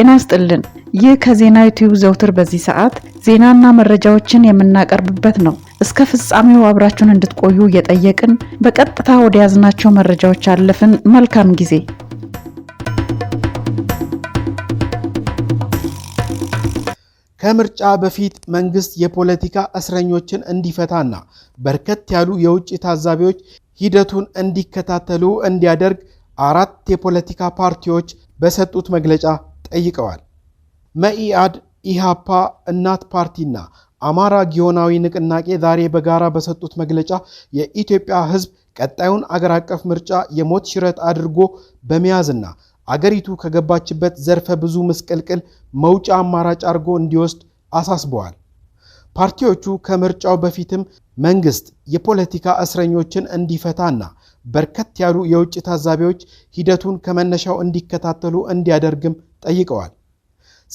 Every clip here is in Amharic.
ጤና ይስጥልን። ይህ ከዜና ዩቲዩብ ዘውትር በዚህ ሰዓት ዜናና መረጃዎችን የምናቀርብበት ነው። እስከ ፍጻሜው አብራችሁን እንድትቆዩ እየጠየቅን በቀጥታ ወደ ያዝናቸው መረጃዎች አለፍን። መልካም ጊዜ። ከምርጫ በፊት መንግስት የፖለቲካ እስረኞችን እንዲፈታና በርከት ያሉ የውጭ ታዛቢዎች ሂደቱን እንዲከታተሉ እንዲያደርግ አራት የፖለቲካ ፓርቲዎች በሰጡት መግለጫ ጠይቀዋል። መኢአድ፣ ኢሃፓ፣ እናት ፓርቲና አማራ ጊዮናዊ ንቅናቄ ዛሬ በጋራ በሰጡት መግለጫ የኢትዮጵያ ሕዝብ ቀጣዩን አገር አቀፍ ምርጫ የሞት ሽረት አድርጎ በመያዝና አገሪቱ ከገባችበት ዘርፈ ብዙ ምስቅልቅል መውጫ አማራጭ አድርጎ እንዲወስድ አሳስበዋል። ፓርቲዎቹ ከምርጫው በፊትም መንግስት የፖለቲካ እስረኞችን እንዲፈታና በርከት ያሉ የውጭ ታዛቢዎች ሂደቱን ከመነሻው እንዲከታተሉ እንዲያደርግም ጠይቀዋል።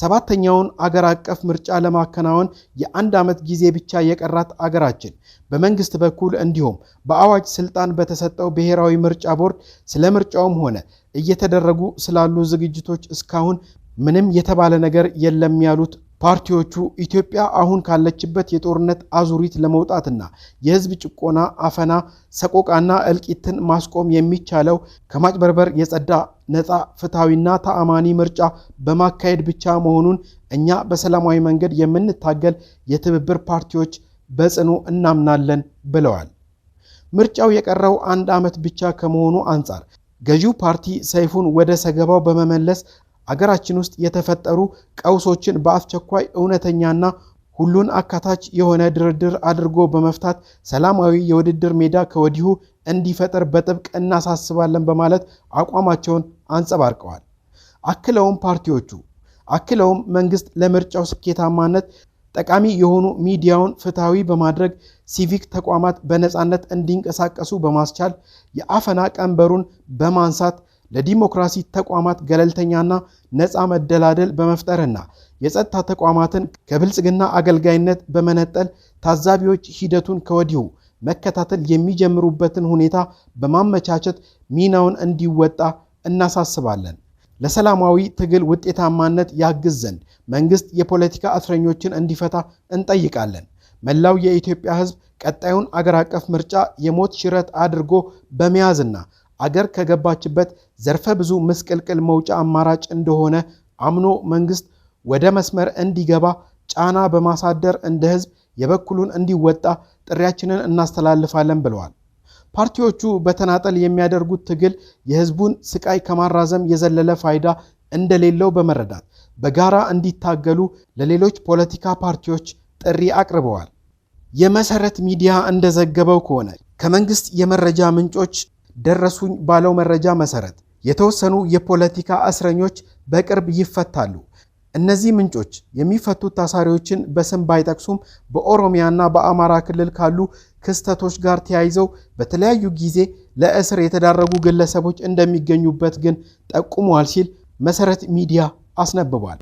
ሰባተኛውን አገር አቀፍ ምርጫ ለማከናወን የአንድ ዓመት ጊዜ ብቻ የቀራት አገራችን በመንግስት በኩል እንዲሁም በአዋጅ ስልጣን በተሰጠው ብሔራዊ ምርጫ ቦርድ ስለ ምርጫውም ሆነ እየተደረጉ ስላሉ ዝግጅቶች እስካሁን ምንም የተባለ ነገር የለም ያሉት ፓርቲዎቹ ኢትዮጵያ አሁን ካለችበት የጦርነት አዙሪት ለመውጣትና የህዝብ ጭቆና፣ አፈና፣ ሰቆቃና እልቂትን ማስቆም የሚቻለው ከማጭበርበር የጸዳ ነፃ፣ ፍትሐዊና ተአማኒ ምርጫ በማካሄድ ብቻ መሆኑን እኛ በሰላማዊ መንገድ የምንታገል የትብብር ፓርቲዎች በጽኑ እናምናለን ብለዋል። ምርጫው የቀረው አንድ ዓመት ብቻ ከመሆኑ አንጻር ገዢው ፓርቲ ሰይፉን ወደ ሰገባው በመመለስ አገራችን ውስጥ የተፈጠሩ ቀውሶችን በአስቸኳይ እውነተኛና ሁሉን አካታች የሆነ ድርድር አድርጎ በመፍታት ሰላማዊ የውድድር ሜዳ ከወዲሁ እንዲፈጠር በጥብቅ እናሳስባለን በማለት አቋማቸውን አንጸባርቀዋል። አክለውም ፓርቲዎቹ አክለውም መንግስት ለምርጫው ስኬታማነት ጠቃሚ የሆኑ ሚዲያውን ፍትሐዊ በማድረግ ሲቪክ ተቋማት በነፃነት እንዲንቀሳቀሱ በማስቻል የአፈና ቀንበሩን በማንሳት ለዲሞክራሲ ተቋማት ገለልተኛና ነፃ መደላደል በመፍጠርና የጸጥታ ተቋማትን ከብልጽግና አገልጋይነት በመነጠል ታዛቢዎች ሂደቱን ከወዲሁ መከታተል የሚጀምሩበትን ሁኔታ በማመቻቸት ሚናውን እንዲወጣ እናሳስባለን። ለሰላማዊ ትግል ውጤታማነት ያግዝ ዘንድ መንግስት የፖለቲካ እስረኞችን እንዲፈታ እንጠይቃለን። መላው የኢትዮጵያ ሕዝብ ቀጣዩን አገር አቀፍ ምርጫ የሞት ሽረት አድርጎ በመያዝና አገር ከገባችበት ዘርፈ ብዙ ምስቅልቅል መውጫ አማራጭ እንደሆነ አምኖ መንግስት ወደ መስመር እንዲገባ ጫና በማሳደር እንደ ህዝብ የበኩሉን እንዲወጣ ጥሪያችንን እናስተላልፋለን ብለዋል። ፓርቲዎቹ በተናጠል የሚያደርጉት ትግል የህዝቡን ስቃይ ከማራዘም የዘለለ ፋይዳ እንደሌለው በመረዳት በጋራ እንዲታገሉ ለሌሎች ፖለቲካ ፓርቲዎች ጥሪ አቅርበዋል። የመሰረት ሚዲያ እንደዘገበው ከሆነ ከመንግስት የመረጃ ምንጮች ደረሱኝ ባለው መረጃ መሰረት የተወሰኑ የፖለቲካ እስረኞች በቅርብ ይፈታሉ። እነዚህ ምንጮች የሚፈቱት ታሳሪዎችን በስም ባይጠቅሱም በኦሮሚያና በአማራ ክልል ካሉ ክስተቶች ጋር ተያይዘው በተለያዩ ጊዜ ለእስር የተዳረጉ ግለሰቦች እንደሚገኙበት ግን ጠቁመዋል ሲል መሰረት ሚዲያ አስነብቧል።